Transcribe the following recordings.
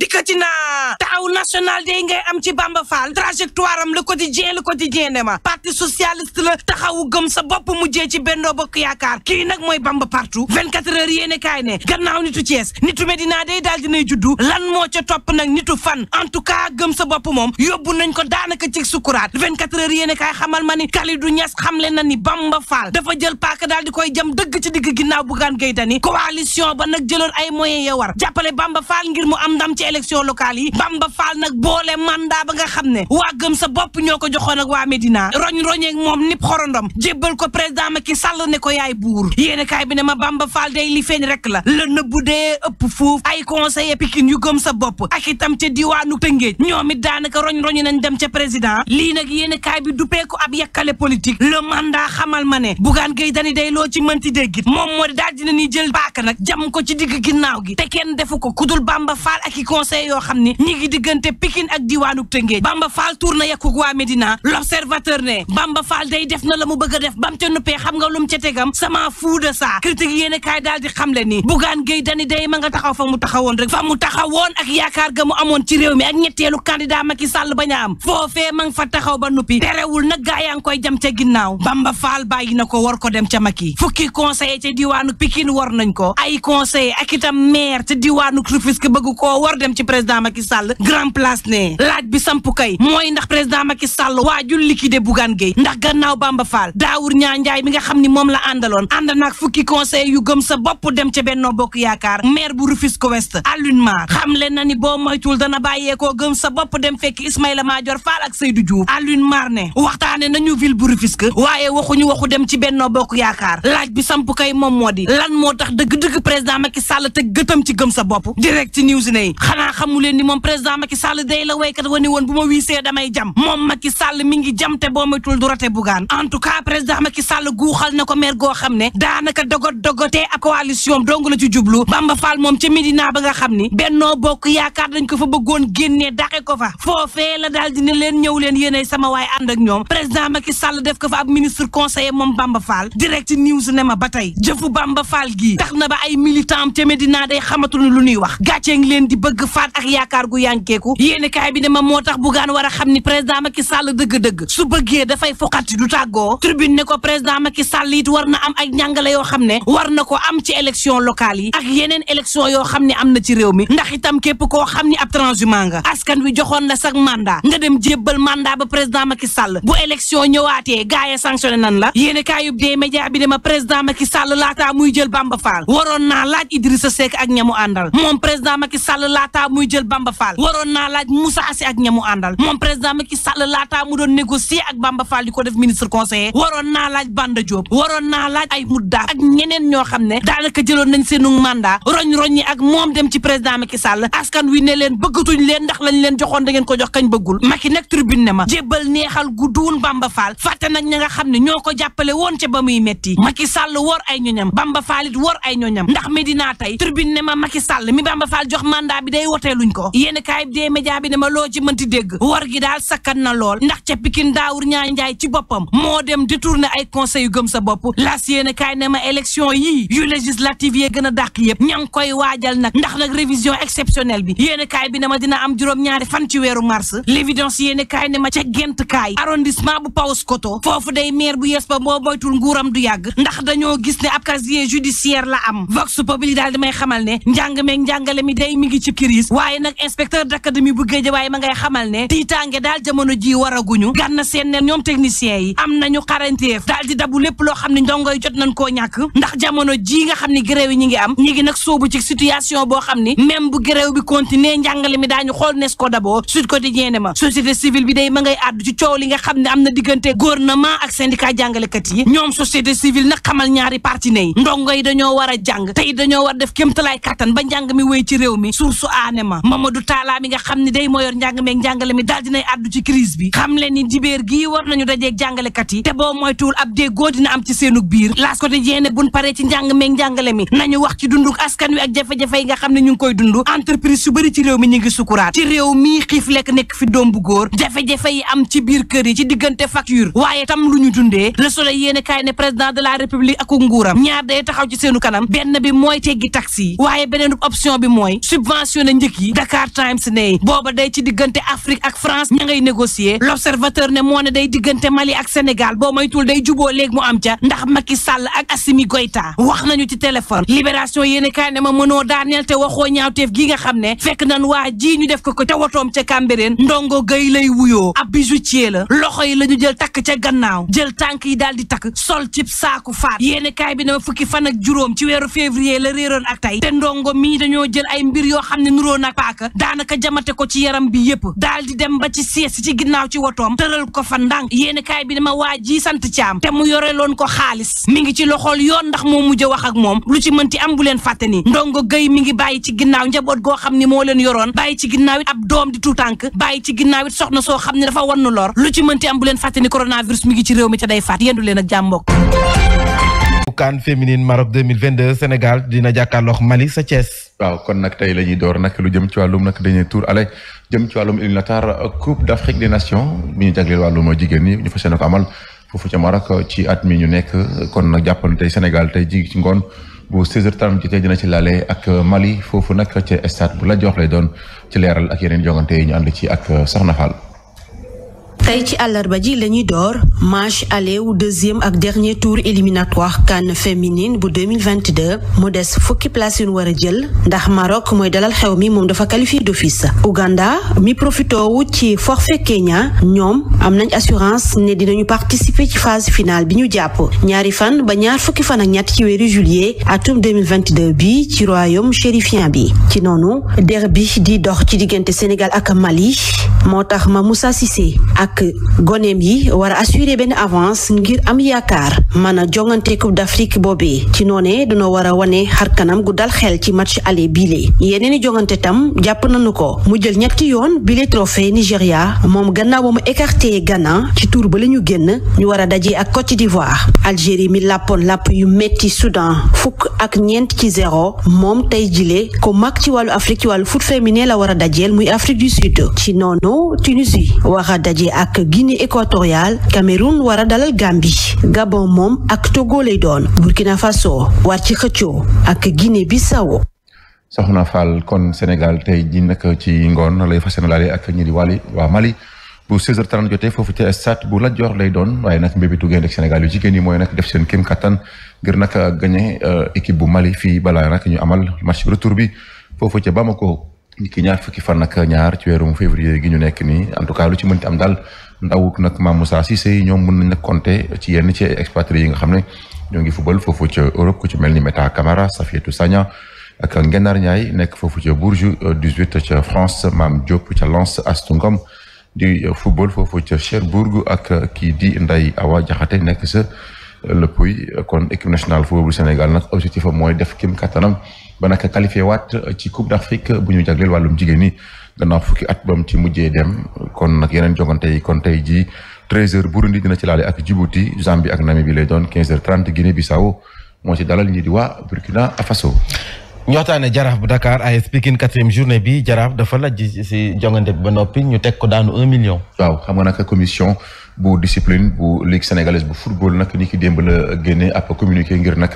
dikkati naa taaw national day ngay am ci Bamba Fall trajectoire am le quotidien le quotidien ne ma parti socialiste la taxawu gëm sa bopp mujjee ci Benno Bokk Yaakaar kii nag mooy Bamba partout 24 heures yéene kaay ne gannaaw nitu Thiès nitu Medina day daal dinay juddu lan moo ca topp nag nitu fan en tout cas gëm sa bopp moom yóbbu nañ ko daanaka ci sukuraat 24 heures yéene kaay xamal ma ni Kalidou Niass xamle na ni Bamba Fall dafa jël paaka daal di koy jëm dëgg ci digg ginnaaw Bougane Gueye Dany coalition ba nag jëloon ay moyens ya war jàppale Bamba ngir mu am ndam ci élection locale yi Bamba Fall nag boole mandat ba nga xam ne waa gëm sa bopp ñoo ko joxoon ak waa Médina roñ roñeeg moom nip xorondom jébbal ko président Macky sal ne ko yaay buur yéene kaay bi ne ma Bamba Fall day li feeñ rek la la nëbbu dee ëpp foofu ay conseiller Pikine yu gëm sa bopp ak itam ca diwaanu Tëngéej ñoom it daanaka roñ roñu nañ dem ca président lii nag yéene kaay bi duppee ko ab yàkkale politique le mandat xamal ma ne bugaan gay dani day loo ci mënti déggit moom moo daal dina ni jël paaka nag jam ko ci ginnaaw gi conseil yoo xam ni ñi ngi diggante Pikine na yekkug waa Médina l'observateur ne Bamba Fall la a def bam ca nuppee xam nga lum ca tegam sama fuuda saa critique yéen kaay daal di xam le ni Bougane Gueye Dany day ma nga taxaw fa mu taxawoon rek fa mu taxawoon ak yaakaar ga mu amoon ci réew mi ak ñetteelu candidat Macky Sall bañ a foofee ma fa taxaw ba nuppi terewul nag gaa yaa ngi jam ca ginnaaw Bamba Fall bàyyi na ko war ko dem ca Macky fukki conseiller ca diwaanu Pikine war nañ ko ay conseiller ak itam maire ca diwaanu Rufisque bëgg koo war dem ci président Macky Sall grand place ne laaj bi samp mooy ndax président Macky Sall waa waajul de Bougane Gueye ndax gannaaw Bamba Fall Daawur Ñaa Njaay mi nga xam ni moom la àndaloon ànd nag fukki conseil yu gëm sa bopp dem ca Benno Bokk Yaakaar maire bu Rufisque Ouest Alioune Mar xamle na ni boo moytul dana bàyyeekoo gëm sa bopp dem fekk Ismaïla Madior Fall ak Seydou Diouf Alioune Mar ne waxtaane nañu ville bu Rufisque waaye waxuñu waxu dem ci Benno Bokk Yaakaar laaj bi samp moom moo di lan moo tax dëgg-dëgg président Macky Sall te gëtam ci gëm sa bopp direct news ne xanaa xamu leen ni moom président Macky Sall day la waykat wane woon bu ma wiisee damay jam moom Macky Sall mi ngi jam te boo moytul du rote bugaan en tout cas président Macky Sall guuxal na ko maire goo xam ne daanaka dogot dogotee ak coalition dong la ci Bamba Fall moom ca Medina ba xam ni Benno Bokk Yaakaar dañ ko fa bëggoon génnee daxe ko fa foofee la daal dina leen ñëw leen yéenay sama waay ànd ak ñoom président Macky Sall def ko fa ab ministre conseiller moom Bamba Fall direct news ne ma ba tey jëfu gii tax na ba ay militant am ca lu ñuy wax gàcceeng leen di bëgg bëgg faat ak yaakaar gu yankeeku yéeni kaay bi ne moo tax bugaan war a xam ni président Macky Sall dëgg-dëgg su bëggee dafay foqati du tàggoo tribune ne ko président Macky Sall it war na am ay njàngale yoo xam ne war na ko am ci élection locale yi ak yeneen élection yoo xam ne am na ci réew mi ndax itam képp koo xam ni ab transhumant nga askan wi joxoon na sax manda nga dem jébbal manda ba président Macky Sall bu élection ñëwaatee gaay a sanctionné nan la yéeni kaayub dee média bi ne ma président Macky Sall laataa muy jël Bamba Fall waroon naa laaj Idrissa Seck ak ñamu àndal laataa muy jël Bamba Fall waroon naa laaj Moussa Assi ak ñamu àndal moom président Macky Sall laataa mu doon négocier ak Bamba Fall ko def ministre conseiller xam ne ko jox kañ bëggul Macky nag tribune ne ma jébbal neexal gu duun Bamba Fall fàtte nag ña day wotee luñ ko yéen kaay bi dee média bi ne ma loo ci mënti dégg war gi daal sakkan lool ndax ca Pikine daawur ñaa njaay ci boppam moo dem détourné ay conseil yu gëm sa bopp las yéen kaay ne ma élection yii yu législative yee gën a dàq yëpp ña ngi koy waajal nag ndax nag révision exceptionnelle bi yéen bi ne ma dina am juróom-ñaari fan ci weeru mars l'évidence yéen kaay ne ma ca gent kaay arrondissement bu paw Paoskoto foofu day maire bu yes ba moo moytul nguuram du yàgg ndax dañoo gis ne ab casier judiciaire la am vox populi daal di may xamal ne njàng meeg njàngale mi day mi ngi ci kir crise waaye nag inspecteur d'académie bu Guédiawaye ma ngay xamal ne tiitaange daal jamono ji waraguñu gànna seen ne ñoom technicien yi am na nañu xaranteef daal di dabu lépp loo xam ne ndongo yi nañ koo ñàkk ndax jamono ji nga xam ne gréew yi ñi ngi am ñi nag soobu ci situation boo xam ni même bu gréew bi continuer njàngale mi daañu xool nes ko d'abord Sud Quotidien ne ma société civile bi day ma ngay àddu ci li nga xam ne am na diggante gouvernement ak syndicat jàngalekat yi ñoom société civile nag xamal ñaari parti yi ndongo yi dañoo war a jàng tey dañoo war def kémtalaay kattan ba njàng mi wéy ci réew mi aane ma Mamadou Talla mi nga xam ne day moo yor njàng meeg njàngale mi daal dinay addu ci crise bi xam leen ni dibeer gii war nañu dajeeg jàngalekat yi te boo moytuwul ab déggoo dina am ci seenu biir laas ko di yéene buñ paree ci njàng meeg njàngale mi nañu wax ci ak jafe yi nga xam ne ñu ngi koy dund entreprise su bëri ci réew mi ñu ngi sukuraat ci réew mii xiif lekk nekk fi doom bu góor jafe-jafe yi am ci biir kër yi ci diggante facture waaye tam lu ñu dundee le solo yéene kaay ne président de la république ak nguuram ñaar day taxaw ci seenu kanam benn bi mooy teggi taxi yi waaye beneen option bi la njëkk yi Dakar Times ne booba day ci diggante Afrique ak France ña ngay négocier l'observateur ne moo ne day diggante Mali ak Sénégal boo maytul day juboo léegi mu am ca ndax Macky Sall ak Assimi Goïta wax nañu ci téléphone libération yéeni kaay ne ma mënoo daaneel te waxoo ñaawteef gi nga xam ne fekk nan waa jii ñu def ko ko ca wotoom ca Cambérène ndongo gay lay wuyoo ab bijoutier la loxo yi la ñu jël takk ca gannaaw jël tànk yi daal di takk sol ci saaku faat yéeni kaay bi ne fukki fan ak juróom ci weeru février la réeroon ak tey te ndongo mii dañoo jël ay mbir yoo xam ne ni nuroo na paaka daanaka jamate ko ci yaram bi yépp daal di dem ba ci sies ci ginnaaw ci wotoom tëral ko fa ndànk yéeni bi dama waa ji sant caam te mu yore loon ko xaalis mi ngi ci loxol yoon ndax moo mujj wax ak moom lu ci mënti am bu leen fàtte ni ndongo gëy mi ngi bàyyi ci ginnaaw njaboot goo xam ni moo leen yoroon bàyyi ci ginnaaw it ab doom di tànk bàyyi ci ginnaaw it soxna soo xam ne dafa wannu lor lu ci mënti am bu leen fàtte ni coronavirus mi ngi ci réew mi te day faat yendu leen ak jàmm CAN féminine vingt 2022 Sénégal dina jàkkaarloog Mali sa Thiès. waaw kon nag tey la door nag lu jëm ci wàllum nag dañuy tour ale jëm ci wàllum éliminatoire euh, Coupe d'Afrique des Nations bi ñu jagleel wàllum jigéen ñi ñu fas yéene ko amal foofu ca Maroc ci at mi ñu nekk kon na jàppal tey Sénégal tey jig ci ngoon. bu 16h30 jotee dina ci laale ak euh, Mali foofu nag ca stade bu la jox lay doon ci leeral ak yeneen jongante yi ñu ànd ci ak euh, Soxna Fall. tey ci àllarba ji la ñuy door match aller wu deuxième ak dernier tour éliminatoire CAN féminine bu 2022 mu des fukki place yu ñu war a jël ndax Maroc mooy dalal xew mi moom dafa qualifié d'office Ouganda mi profitoowu ci forfait Kenya ñoom am nañ assurance ne dinañu participer ci phase finale bi ñu jàpp ñaari fan ba ñaar fukki fan ak ñett ci weeru juillet atum 2022 bi ci royaume chérifien bi ci noonu derbi di dox ci diggante Sénégal ak Mali moo tax ma Moussa Cissé ak ak goneem yi war a benn avance ngir am yaakaar mën a jongante coupe d'Afrique boobee ci noonee dañoo war a wane xar kanam gu dal xel ci match aller biile yeneen i jongante tam jàpp nañu ko mu jël ñetti yoon bile trophée Nigéria moom gannaaw ba mu écarté Ghana ci tour ba la ñu génn ñu war a daje ak Côte d'Ivoire Algérie mi làppoon làpp yu metti Soudan fukk ak ñeent ci zéro moom tey jile ko mag ci wàllu Afrique ci wàllu foot féminin la war a dajeel muy Afrique du Sud ci noonu ak Guinée équatoriale Cameroun war a dalal Gambie Gabon moom ak Togo lay doon Burkina Faso war ci xëcco ak Guinée Bissau na Fall kon Sénégal tey ji nag ci ngoon lay fas yéene ak ñi wali wàlli waa Mali bu 16 h foofu ci stade bu Lat Dior lay doon waaye nag mbébitu gaynde ak Sénégal yu jigéen yi mooy nag def seen kéem kattan ngir nag gagné euh, équipe bu Mali fii balaa nag ñu amal match retour bi foofu ca Bamako. ki ñaar fukki fan ak ñaar ci weerum février gi ñu nekk nii en tout cas lu ci mënti am daal ndawut nag Mame Moussa Cissé ñoom mën nañ nag compter ci yenn ci expatriés yi nga xam ne ñoo ngi fubal foofu ca Europe ku ci mel ni Meta Camara Safietou Sagna ak Ngenar ñaay nekk foofu ca Bourges 18 euh, ca France Mame Diop ca Lens Astou di euh, football foofu ca Cherbourg ak euh, kii di Ndeye Awa Diakhaté nekk sa Le kon équipe nationale football bu Sénégal nag objectif am mooy def kim kattanam ba naka qualifié waat ci coupe d'Afrique bu ñu jagleel wàllum jigéen ñi gannaaw fukki at bam ci mujjee dem kon nag yeneen jongante yi kon tey ji 13h Burundi dina ci laale ak Djibouti Zambie ak bi lay doon 15h30 Guinée Bissau moo ci dalal ñii di waa Burkina Faso. ñu waxtaanee jaraaf bu Dakar AS Pikine quatrième journée bi jaraaf dafa lajj si jongante bi ba noppi ñu teg ko daanu 1 million. waaw xam nga naka commission. bu discipline bu ligue sénégalaise bu football nag ni ki démb la génne ab communiqué ngir nag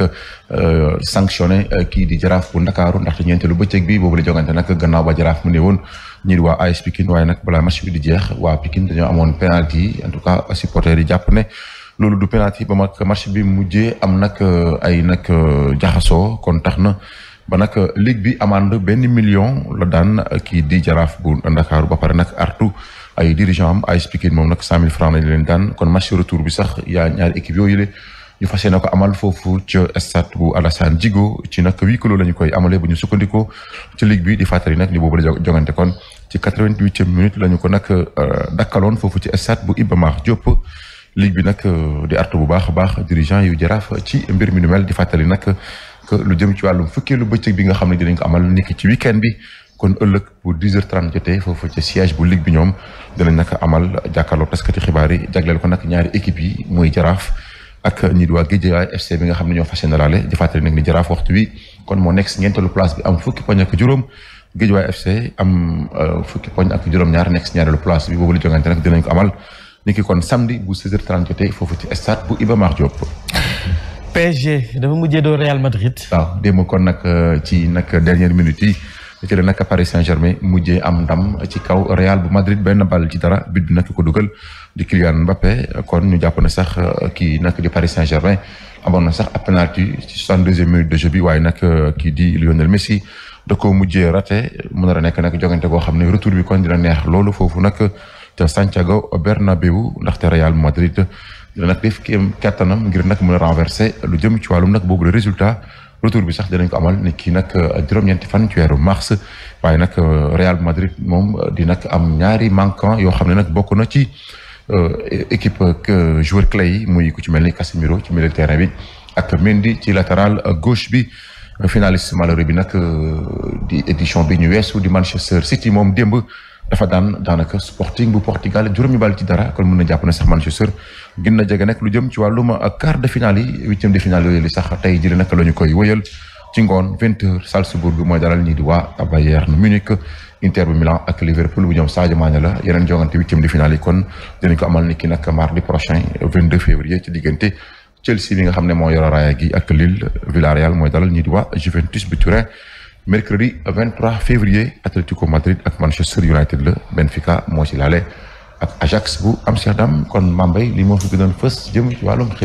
euh, sanctionné euh, kii di jaraaf bu ndakaaru ndaxte ñeenteelu bëccëg bi boobu la jogante nag gannaaw ba jaraaf mu ne woon ñii di waa AS Pikine waaye nag balaa match bi di jeex waa Pikine dañoo amoon penalty yi en tout cas supporters yi jàpp ne loolu du penalty ba mag match bi mujjee am nag euh, ay nag jaxasoo kon tax na ba nag euh, ligue bi amande benn million la daan euh, kii di jaraaf bu ndakaaru ba pare nag artu ay dirigeant am AS Pikine moom nag cent mille francs lañ kon match retour bi sax yaa ñaari équipe ñu fas yéene ko amal foofu ca stade bu Alassane ci nag huis la ñu koy amale bu ñu sukkandikoo ci ligue bi di fàttali nag ni boobu la jongante kon ci quatre-vingt-huitième minute la ñu euh, dakkaloon foofu ci stade bu Iba Mar Diop ligue bi nag di artu bu baax a baax dirigeant yu jaraaf ci mbir mi nu mel di fàttali nag que lu jëm ci wàllum fukkee lu bëccëg bi nga xam ne dinañ ko amal niki ci week-end bi kon ëllëg bu 10h30 jotee foofu ci siège bu ligue bi ñoom yi jagleel ko nag ñaari équipe yi waa Guédiawaye FC bi nga xam ne ñoo fas yéene laale di fàttali nag ni jaraaf waxtu wi kon moo nekk si ñeenteelu place bi am fukki poñ ak juróom euh, nekk ñaareelu place bi boobu bu 16h30 jotee foofu ci stade PSG dafa mujjee doo Real Madrid. waaw démb kon nag euh, ci nag dernière minute yi ci la nag Paris Saint-Germain mujjee am ndam ci kaw Real bu Madrid benn ball ci dara bit bi nag ko dugal di Kylian Mbappé kon ñu jàpp na sax euh, kii nag di Paris Saint-Germain amoon na sax penalty ci soixante-deuxième minute de jeu bi waaye nag euh, kii di Lionel Messi. da ko mujjee raté mu nar nekk nag jogante goo xam ne retour bi kon dina neex loolu foofu nag te Santiago Bernabéu ndaxte Real Madrid. dina nag def kéem kattanam ngir nag mën a renverser lu jëm ci wàllum nag boobu le résultat retour bi sax dinañ ko amal ni kii nag euh, juróom-ñeenti fan ci weeru mars waaye nag euh, Real Madrid moom euh, di nag am ñaari manquant yoo xam ne nag bokk na ci équipe joueur clé yi muy ku ci mel ni Casemiro ci milieu terrain bi ak Mendy ci latéral gauche bi finaliste malheureux bi nag di édition bi ñu weesu di Manchester City moom démb dafa daan daanaka sporting bu Portugal juróomi bal ci dara kon mun na jàpp ne sax Manchester gën na jege nag lu jëm ci wàllum quart de finale yi huitième de finale li sax tey jii nag la ñu koy wëyal ci ngoon vingt heures Salzbourg mooy dalal ñii di waa Bayern Munich Inter bu Milan ak Liverpool bu ñoom Sadio Mané la yeneen jongante huitième de finale yi kon dinañ ko amal ni ki nag mardi prochain vingt deux février ci diggante Chelsea bi nga xam ne moo yor raaya gi ak mooy dalal ñii di waa Juventus bu mercredi 23 février Atlético Madrid ak Manchester United la Benfica moo ci laale ak Ajax bu Amsterdam kon Mambay li moo fi gënoon fës jëm ci wàllum xibaar